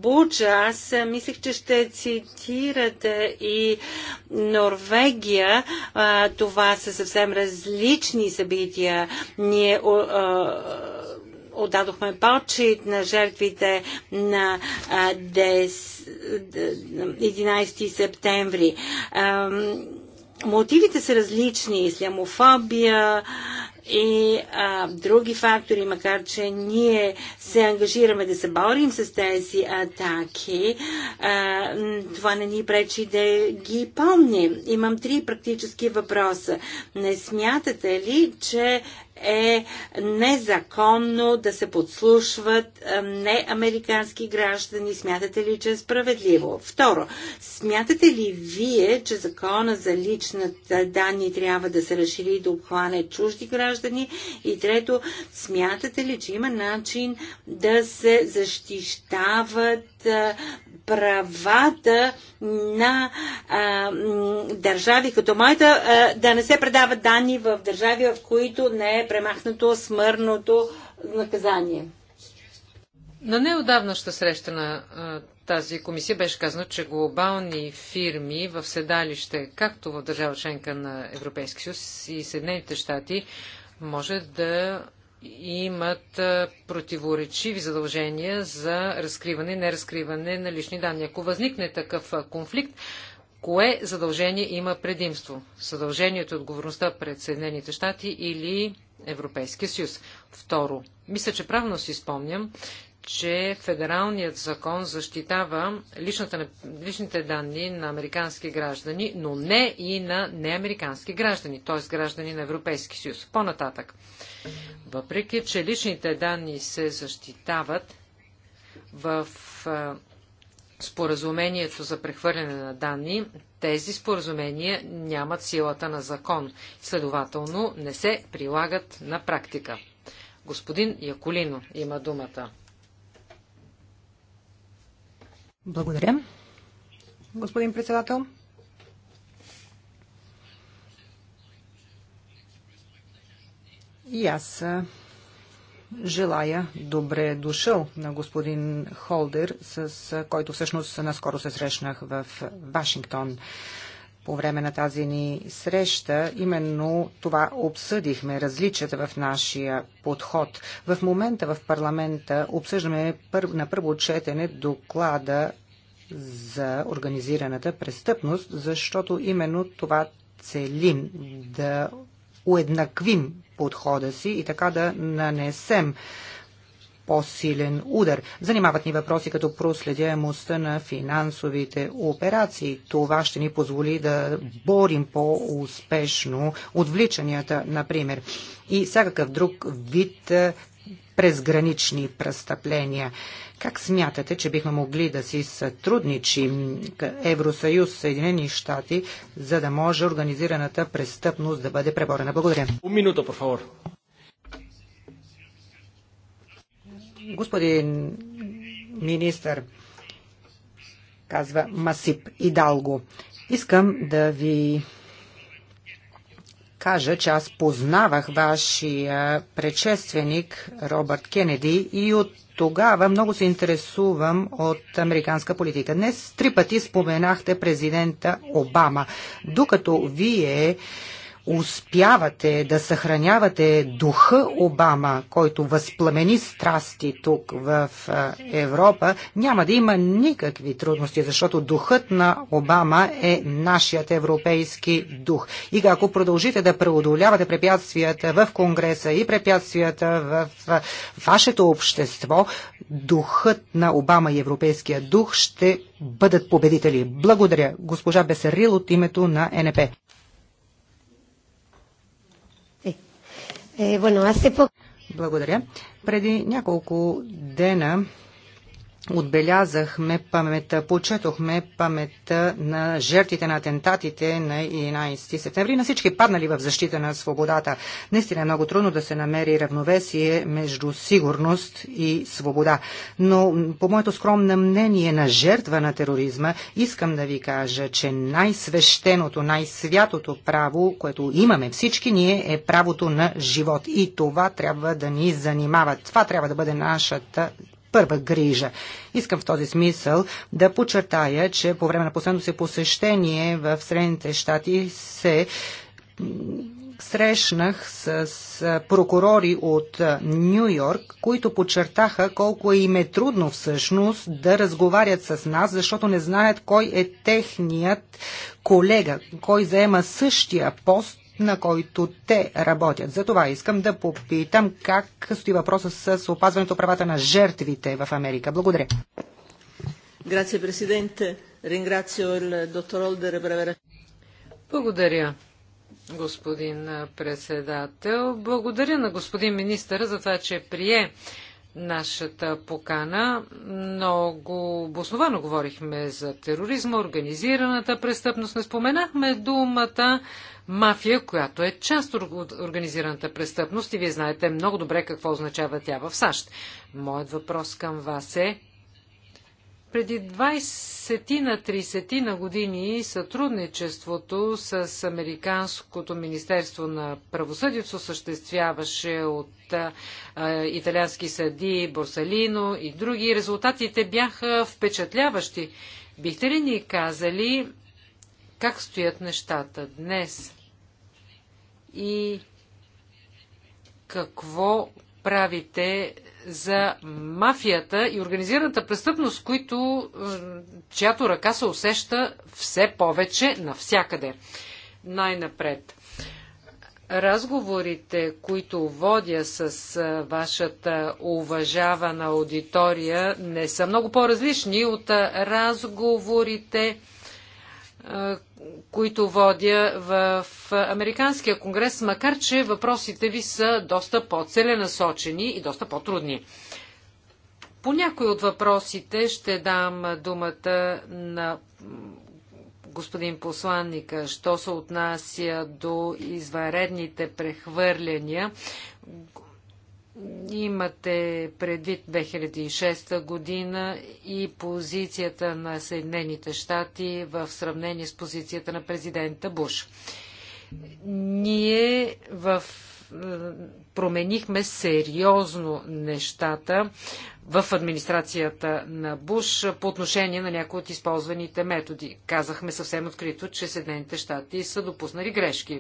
Буджа, аз мислех, че ще цитирате и Норвегия. това са съвсем различни събития. Ние отдадохме почет на жертвите на 11 септември. Мотивите са различни. Ислямофобия, и а, други фактори, макар че ние се ангажираме да се борим с тези атаки, а, това не ни пречи да ги помним. Имам три практически въпроса. Не смятате ли, че е незаконно да се подслушват е, неамерикански граждани? Смятате ли, че е справедливо? Второ, смятате ли вие, че закона за личната данни трябва да се разшири и да обхване чужди граждани? И трето, смятате ли, че има начин да се защищават е, правата на а, държави като моята а, да не се предават данни в държави, в които не е премахнато смъртното наказание. На неодавнаща среща на а, тази комисия беше казано, че глобални фирми в седалище, както в държава членка на Европейския съюз и Съединените щати, може да имат противоречиви задължения за разкриване и неразкриване на лични данни. Ако възникне такъв конфликт, кое задължение има предимство? Съдължението и отговорността пред Съединените щати или Европейския съюз? Второ, мисля, че правилно си спомням, че федералният закон защитава личната, личните данни на американски граждани, но не и на неамерикански граждани, т.е. граждани на Европейски съюз. По-нататък. Въпреки, че личните данни се защитават в споразумението за прехвърляне на данни, тези споразумения нямат силата на закон. Следователно, не се прилагат на практика. Господин Яколино има думата. Благодаря. Господин председател. И аз желая добре дошъл на господин Холдер, с който всъщност наскоро се срещнах в Вашингтон по време на тази ни среща, именно това обсъдихме, различията в нашия подход. В момента в парламента обсъждаме на първо четене доклада за организираната престъпност, защото именно това целим да уеднаквим подхода си и така да нанесем по-силен удар. Занимават ни въпроси като проследяемостта на финансовите операции. Това ще ни позволи да борим по-успешно отвличанията, например, и всякакъв друг вид е, презгранични престъпления. Как смятате, че бихме могли да си сътрудничим Евросъюз, Съединени щати, за да може организираната престъпност да бъде преборена? Благодаря. Господин министър, казва Масип Идалго, искам да ви кажа, че аз познавах вашия предшественик Робърт Кенеди и от тогава много се интересувам от американска политика. Днес три пъти споменахте президента Обама. Докато вие успявате да съхранявате духа Обама, който възпламени страсти тук в Европа, няма да има никакви трудности, защото духът на Обама е нашият европейски дух. И ако продължите да преодолявате препятствията в Конгреса и препятствията в вашето общество, духът на Обама и европейския дух ще бъдат победители. Благодаря, госпожа Бесерил от името на НП. Е, Благодаря. Преди няколко дена отбелязахме паметта, почетохме паметта на жертвите на атентатите на 11 септември, на всички паднали в защита на свободата. Наистина е много трудно да се намери равновесие между сигурност и свобода. Но по моето скромно мнение на жертва на тероризма, искам да ви кажа, че най-свещеното, най-святото право, което имаме всички ние, е правото на живот. И това трябва да ни занимава. Това трябва да бъде нашата първа грижа. Искам в този смисъл да подчертая, че по време на последното си посещение в Средните щати се срещнах с прокурори от Нью Йорк, които подчертаха колко им е трудно всъщност да разговарят с нас, защото не знаят кой е техният колега, кой заема същия пост на който те работят. За това искам да попитам как стои въпроса с опазването правата на жертвите в Америка. Благодаря. Благодаря, господин председател. Благодаря на господин министър за това, че прие нашата покана. Много обосновано говорихме за тероризма, организираната престъпност. Не споменахме думата мафия, която е част от организираната престъпност и вие знаете много добре какво означава тя в САЩ. Моят въпрос към вас е преди 20 на 30 на години сътрудничеството с Американското Министерство на правосъдието съществяваше от а, италиански съди Борсалино и други. Резултатите бяха впечатляващи. Бихте ли ни казали как стоят нещата днес и какво правите за мафията и организираната престъпност, които, е, чиято ръка се усеща все повече навсякъде. Най-напред. Разговорите, които водя с е, вашата уважавана аудитория, не са много по-различни от е, разговорите, които водя в Американския конгрес, макар че въпросите ви са доста по-целенасочени и доста по-трудни. По някои от въпросите ще дам думата на господин посланника, що се отнася до извънредните прехвърляния. Имате предвид 2006 година и позицията на Съединените щати в сравнение с позицията на президента Буш. Ние в е, променихме сериозно нещата в администрацията на Буш по отношение на някои от използваните методи. Казахме съвсем открито, че Съединените щати са допуснали грешки.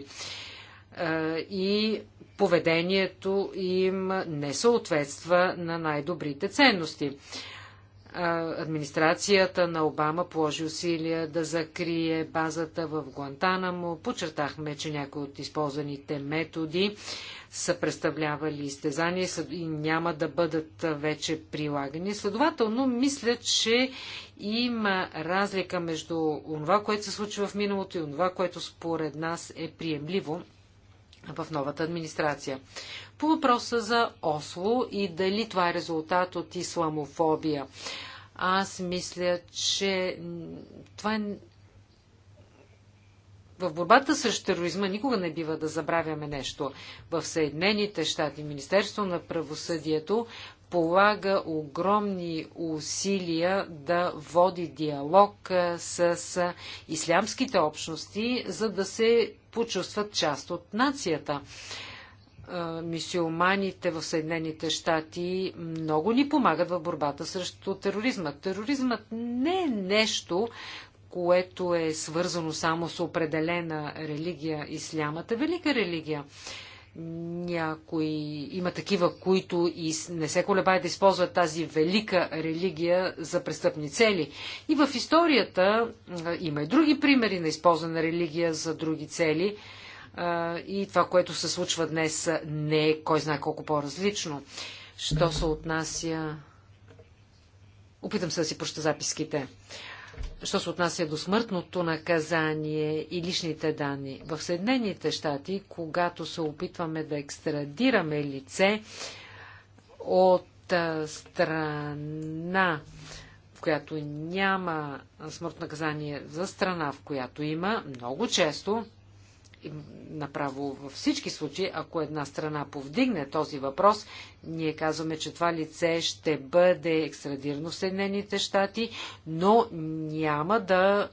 Е, и поведението им не съответства на най-добрите ценности. Администрацията на Обама положи усилия да закрие базата в Гуантанамо. Почертахме, че някои от използваните методи са представлявали изтезания и няма да бъдат вече прилагани. Следователно, мисля, че има разлика между това, което се случва в миналото и това, което според нас е приемливо в новата администрация. По въпроса за Осло и дали това е резултат от исламофобия. Аз мисля, че това е... В борбата срещу тероризма никога не бива да забравяме нещо. В Съединените щати Министерство на правосъдието полага огромни усилия да води диалог с ислямските общности, за да се почувстват част от нацията. Мисиоманите в Съединените щати много ни помагат в борбата срещу тероризма. Тероризмът не е нещо, което е свързано само с определена религия. Ислямът е велика религия. Някои има такива, които и не се колебаят да използват тази велика религия за престъпни цели. И в историята има и други примери на използване на религия за други цели. И това, което се случва днес, не е кой знае колко по-различно. Що се отнася Опитам се да си проща записките що се отнася до смъртното наказание и личните данни. В Съединените щати, когато се опитваме да екстрадираме лице от страна, в която няма смъртно наказание, за страна, в която има, много често направо във всички случаи, ако една страна повдигне този въпрос, ние казваме, че това лице ще бъде екстрадирано в Съединените щати, но няма да.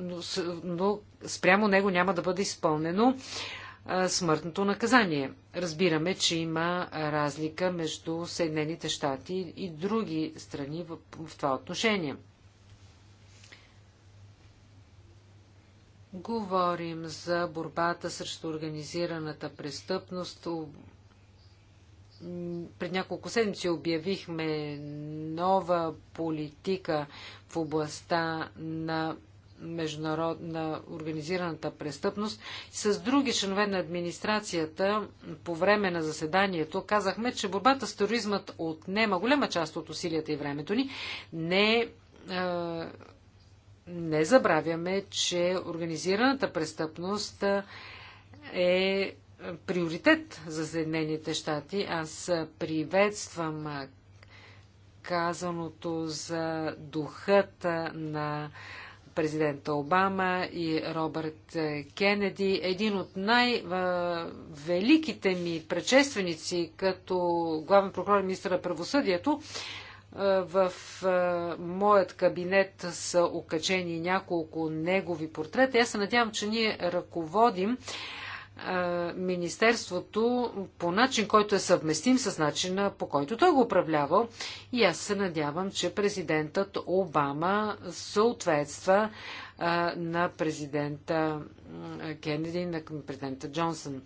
Но, но спрямо него няма да бъде изпълнено смъртното наказание. Разбираме, че има разлика между Съединените щати и други страни в, в това отношение. Говорим за борбата срещу организираната престъпност. Пред няколко седмици обявихме нова политика в областта на международна организираната престъпност. С други членове на администрацията по време на заседанието казахме, че борбата с тероризмът отнема голяма част от усилията и времето ни. Не е не забравяме, че организираната престъпност е приоритет за Съединените щати. Аз приветствам казаното за духът на президента Обама и Робърт Кенеди. Един от най-великите ми предшественици като главен прокурор и министър на правосъдието е, в е, моят кабинет са окачени няколко негови портрета. Аз се надявам, че ние ръководим е, Министерството по начин, който е съвместим с начина по който той го управлявал. И аз се надявам, че президентът Обама съответства на президента Кеннеди на президента Джонсън.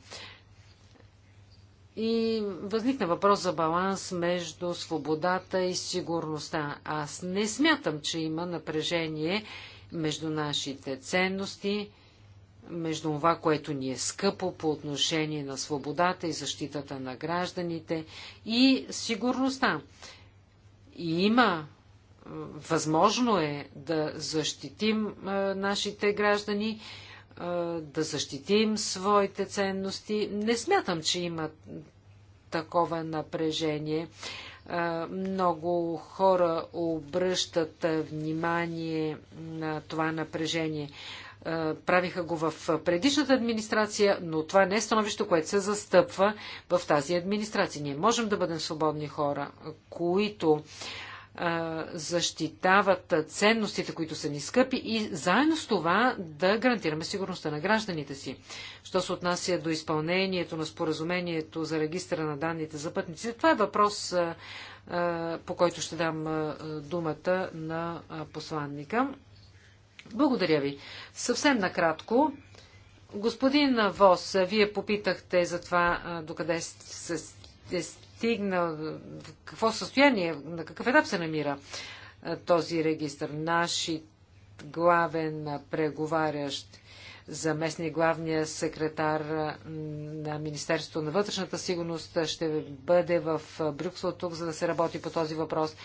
И възникна въпрос за баланс между свободата и сигурността. Аз не смятам, че има напрежение между нашите ценности, между това, което ни е скъпо по отношение на свободата и защитата на гражданите и сигурността. И има, е, възможно е да защитим е, нашите граждани, да защитим своите ценности. Не смятам, че има такова напрежение. Много хора обръщат внимание на това напрежение. Правиха го в предишната администрация, но това не е становище, което се застъпва в тази администрация. Ние можем да бъдем свободни хора, които защитават ценностите, които са ни скъпи и заедно с това да гарантираме сигурността на гражданите си. Що се отнася до изпълнението на споразумението за регистра на данните за пътниците, това е въпрос, по който ще дам думата на посланника. Благодаря ви. Съвсем накратко. Господин Вос, вие попитахте за това докъде сте стигнал, в какво състояние, на какъв етап се намира този регистр. Наши главен преговарящ заместник главния секретар на Министерството на вътрешната сигурност ще бъде в Брюксел тук, за да се работи по този въпрос.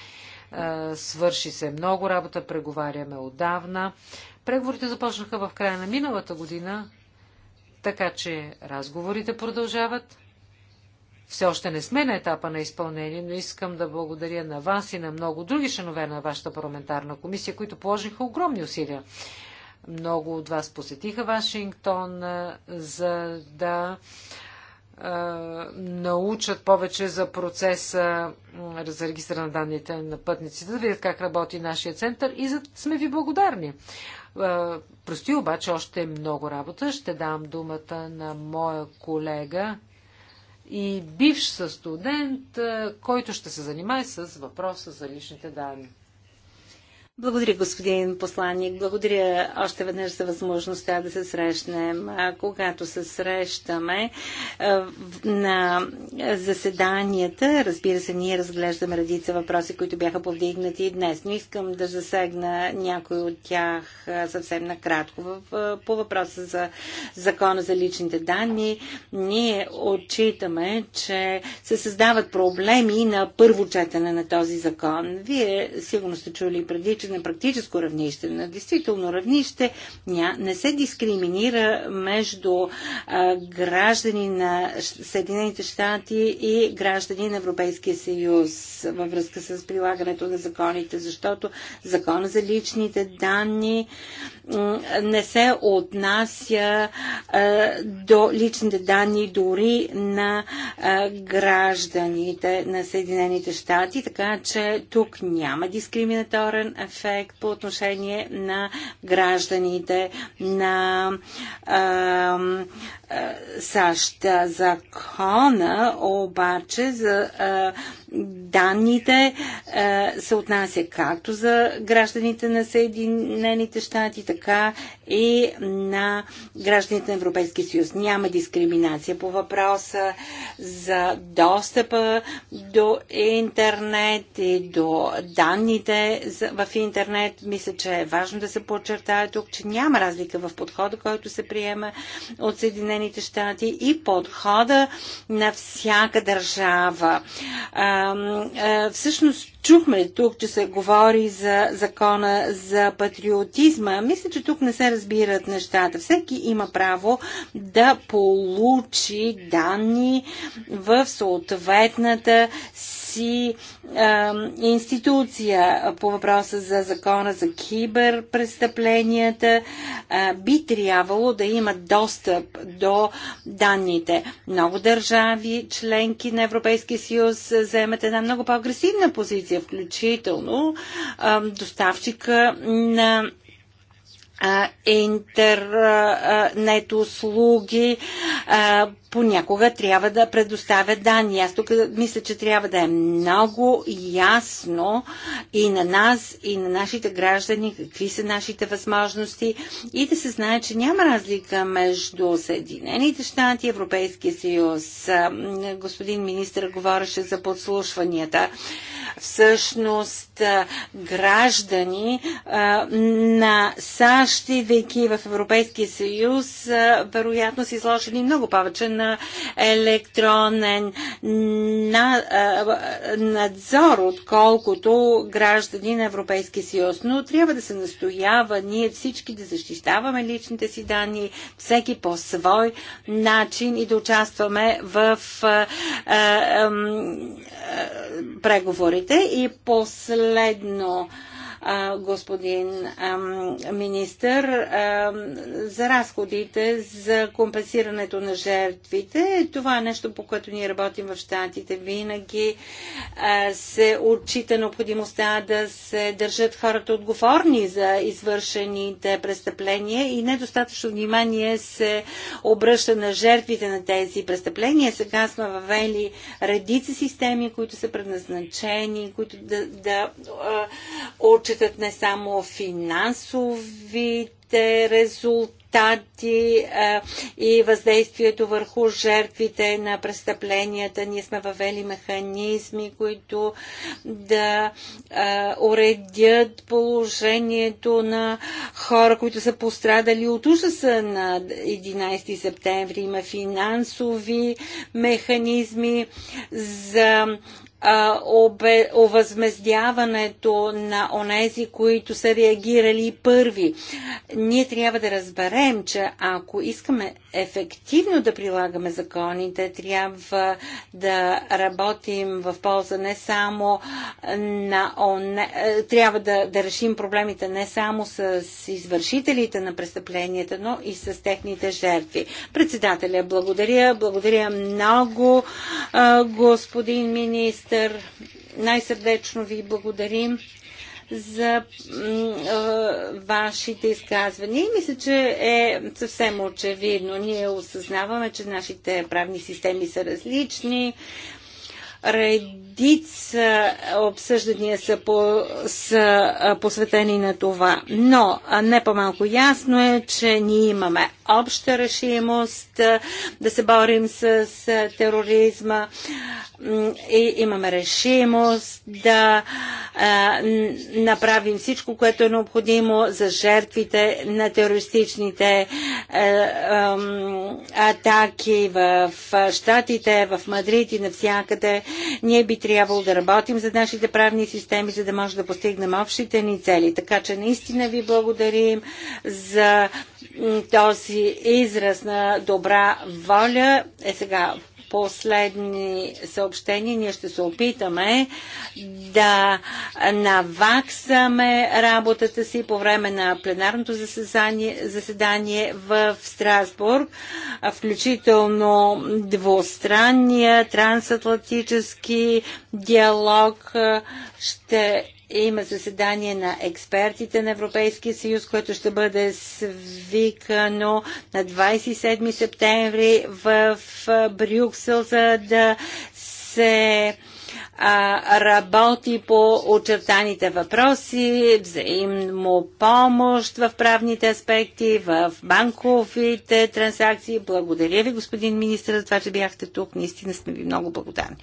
Свърши се много работа, преговаряме отдавна. Преговорите започнаха в края на миналата година, така че разговорите продължават. Все още не сме на етапа на изпълнение, но искам да благодаря на вас и на много други членове на вашата парламентарна комисия, които положиха огромни усилия. Много от вас посетиха Вашингтон, за да научат повече за процеса за регистра на данните на пътниците, да видят как работи нашия център и за... сме ви благодарни. Прости обаче още много работа. Ще дам думата на моя колега и бивш студент, който ще се занимае с въпроса за личните данни. Благодаря, господин посланник. Благодаря още веднъж за възможността да се срещнем. А когато се срещаме на заседанията, разбира се, ние разглеждаме редица въпроси, които бяха повдигнати и днес, но искам да засегна някой от тях съвсем накратко. По въпроса за закона за личните данни, ние отчитаме, че се създават проблеми на първо четене на този закон. Вие сигурно сте чули преди, че че на практическо равнище, на действително равнище, не се дискриминира между граждани на Съединените щати и граждани на Европейския съюз във връзка с прилагането на законите, защото закона за личните данни не се отнася до личните данни дори на гражданите на Съединените щати, така че тук няма дискриминаторен ефект ефект по отношение на гражданите, на а, е, САЩ. Закона обаче за е, данните е, се отнася както за гражданите на Съединените щати, така и на гражданите на Европейския съюз. Няма дискриминация по въпроса за достъпа до интернет и до данните в интернет. Мисля, че е важно да се подчертая тук, че няма разлика в подхода, който се приема от Съединените Съединените щати и подхода на всяка държава. Всъщност чухме тук, че се говори за закона за патриотизма. Мисля, че тук не се разбират нещата. Всеки има право да получи данни в съответната си а, институция по въпроса за закона за киберпрестъпленията а, би трябвало да има достъп до данните. Много държави, членки на Европейския съюз, вземат една много по-агресивна позиция, включително а, доставчика на интернет услуги понякога трябва да предоставят данни. Аз тук мисля, че трябва да е много ясно и на нас, и на нашите граждани, какви са нашите възможности и да се знае, че няма разлика между Съединените щати и Европейския съюз. Господин министр говореше за подслушванията всъщност граждани на САЩ, идвайки в Европейския съюз, вероятно са изложени много повече на електронен надзор, отколкото граждани на Европейския съюз. Но трябва да се настоява ние всички да защищаваме личните си данни, всеки по свой начин и да участваме в преговори държавите. И последно, господин министър, за разходите за компенсирането на жертвите. Това е нещо, по което ние работим в щатите, Винаги се отчита необходимостта да се държат хората отговорни за извършените престъпления и недостатъчно внимание се обръща на жертвите на тези престъпления. Сега сме въвели редица системи, които са предназначени, които да, да отчитат не само финансовите резултати а, и въздействието върху жертвите на престъпленията. Ние сме въвели механизми, които да а, уредят положението на хора, които са пострадали от ужаса на 11 септември. Има финансови механизми за овъзмездяването на онези, които са реагирали първи. Ние трябва да разберем, че ако искаме ефективно да прилагаме законите, трябва да работим в полза не само на оне... Е, трябва да, да решим проблемите не само с извършителите на престъпленията, но и с техните жертви. Председателя, благодаря. Благодаря много, е, господин министр. Най-сърдечно ви благодарим за вашите изказвания. И мисля, че е съвсем очевидно. Ние осъзнаваме, че нашите правни системи са различни. Ред редица обсъждания са, по, са посветени на това. Но не по-малко ясно е, че ние имаме обща решимост да се борим с тероризма и имаме решимост да направим всичко, което е необходимо за жертвите на терористичните е, атаки в Штатите, в Мадрид и навсякъде. Ние би трябвало да работим за нашите правни системи, за да може да постигнем общите ни цели. Така че наистина ви благодарим за този израз на добра воля. Е сега последни съобщения. Ние ще се опитаме да наваксаме работата си по време на пленарното заседание, заседание в Страсбург, включително двустранния трансатлантически диалог ще има заседание на експертите на Европейския съюз, което ще бъде свикано на 27 септември в Брюксел, за да се работи по очертаните въпроси, взаимно помощ в правните аспекти, в банковите транзакции. Благодаря ви, господин министр, за това, че бяхте тук. Наистина сме ви много благодарни.